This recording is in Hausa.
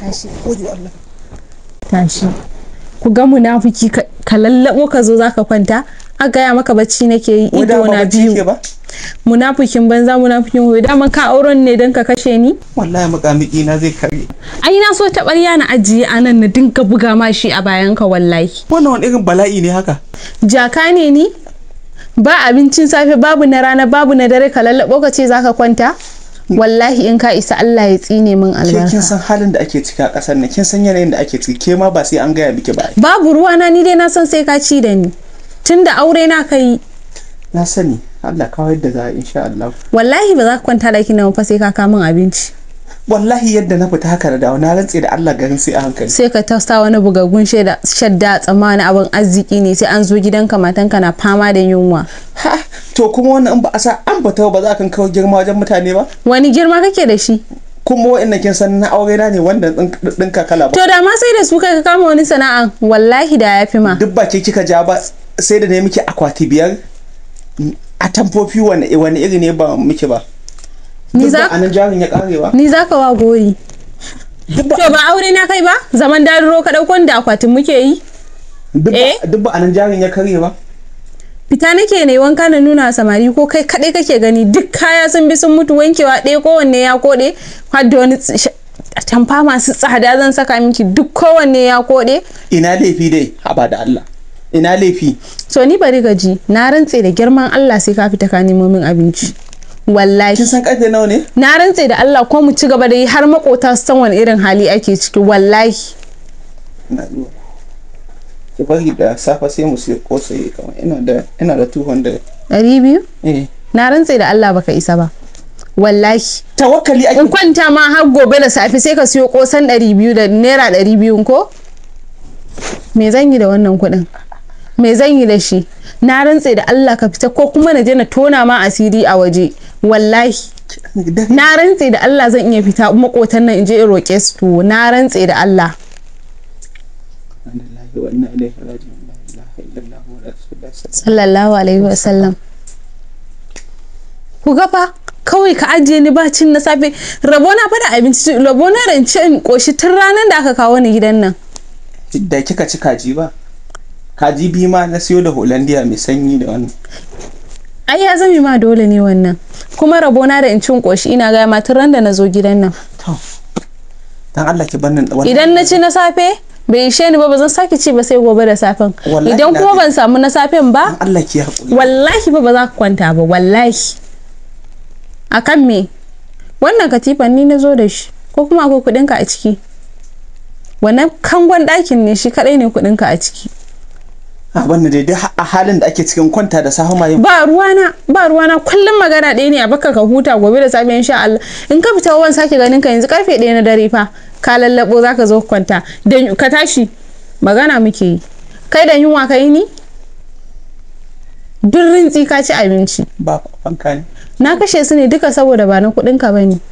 tashi gode Allah tashi ku ga munafiki ka lallabo ka zo zaka kwanta a gaya maka bacci nake yi ido na biyu munafikin banza munafikin hoyo daman ka auren ne don ka kashe ni wallahi mukamiki na zai kare ai na so ta barya na ajiye a nan na dinga buga ma shi a bayan ka wallahi wannan wani irin bala'i ne haka jaka ne ni ba abincin safe babu na rana babu na dare ka lallabo ka ce zaka kwanta wallahi in ka isa Allah ya tsine min albarka kin san halin da ake ciki a kasar nan kin san yanayin da ake ciki ke ma ba sai an gaya miki ba babu ruwa na ni dai na san sai ka ci da ni tunda aure na kai na sani Allah ka da za insha Allah wallahi ba za ka kwanta laki na fa sai ka ka min abinci wallahi yadda na fita haka da dawo na rantse da Allah garin sai a hankali sai ka tausa wani bugagun shadda tsammanin abin arziki ne sai an zo gidanka matanka na fama da yunwa ha to kuma wannan in ba a sa an fata ba za kan kawo girma wajen mutane ba wani girma kake da shi kuma wa'in kin san na aure na ne wanda ka kakala ba to da ma sai da su kai ka kama wani sana'a wallahi da ya fi ma duk ba ke kika ja ba sai da ne miki akwati biyar a tamfofi wani iri ne ba miki ba ni za ka anan jarin ya karewa ni za ka wa gori to ba aure na kai ba zaman daruro ka dauko da akwatin muke yi duk ba eh? anan jarin ya karewa fita nake ne wanka na nuna samari ko kai kaɗai kake gani duk kaya sun bi sun mutu wankewa ɗaya kowanne ya koɗe hadda wani tamfa masu tsada zan saka miki duk kowanne ya koɗe ina laifi dai haba da Allah ina laifi so ni bari gaji na rantse da girman Allah sai ka fita ka nemo min abinci wallahi kin san karfe nawa ne na rantse da Allah ko mu ci gaba da yi har makota su san wani irin hali ake ciki wallahi ki bari da safa sai mu ko kosai kamar ina da ina da 200 ɗari biyu eh na rantse da Allah baka isa ba wallahi tawakkali ake in kwanta ma har gobe da safe sai ka siyo kosan 200 da naira 200 ko me zan yi da wannan kuɗin me zan yi da shi na rantse da Allah ka fita ko kuma na je na tona ma asiri a waje wallahi na rantse da Allah zan iya fita makotan nan in je in roƙe su na rantse da Allah وإنا إليه راجعون لا إله إلا الله صلى الله عليه وسلم kawai ka ajiye ni bacin na safe rabo na fada abinci rabo na rance in koshi tun ranar da aka kawo ni gidan nan da kika ci kaji ba kaji bi ma na siyo da holandiya mai sanyi da wannan ai ya zame ma dole ne wannan kuma rabo na da in cin koshi ina ga ma tun ran da na zo gidan nan to dan Allah ki bannin idan na ci na safe bai ishe ni ba ba zan sake ci ba sai gobe da safen idan kuma ban samu na safen ba wallahi ba ba za ka kwanta ba wallahi akan me wannan katifan ni na zo da shi ko kuma akwai kudinka a ciki wannan kangon ɗakin ne shi kadai ne kudinka a ciki a da dai a halin da ake cikin kwanta da safe ma ba ruwana ba ruwana kullum magana ɗaya ne a baka ka huta gobe da safe insha Allah in ka fita wan sake ganin ka yanzu karfe ɗaya na dare fa ka lallabo za ka zo kwanta ka tashi magana muke yi kai da yunwa ka yi ni duk rintsi ka ci abinci ba na kashe su ne duka saboda ba na kudinka ba ne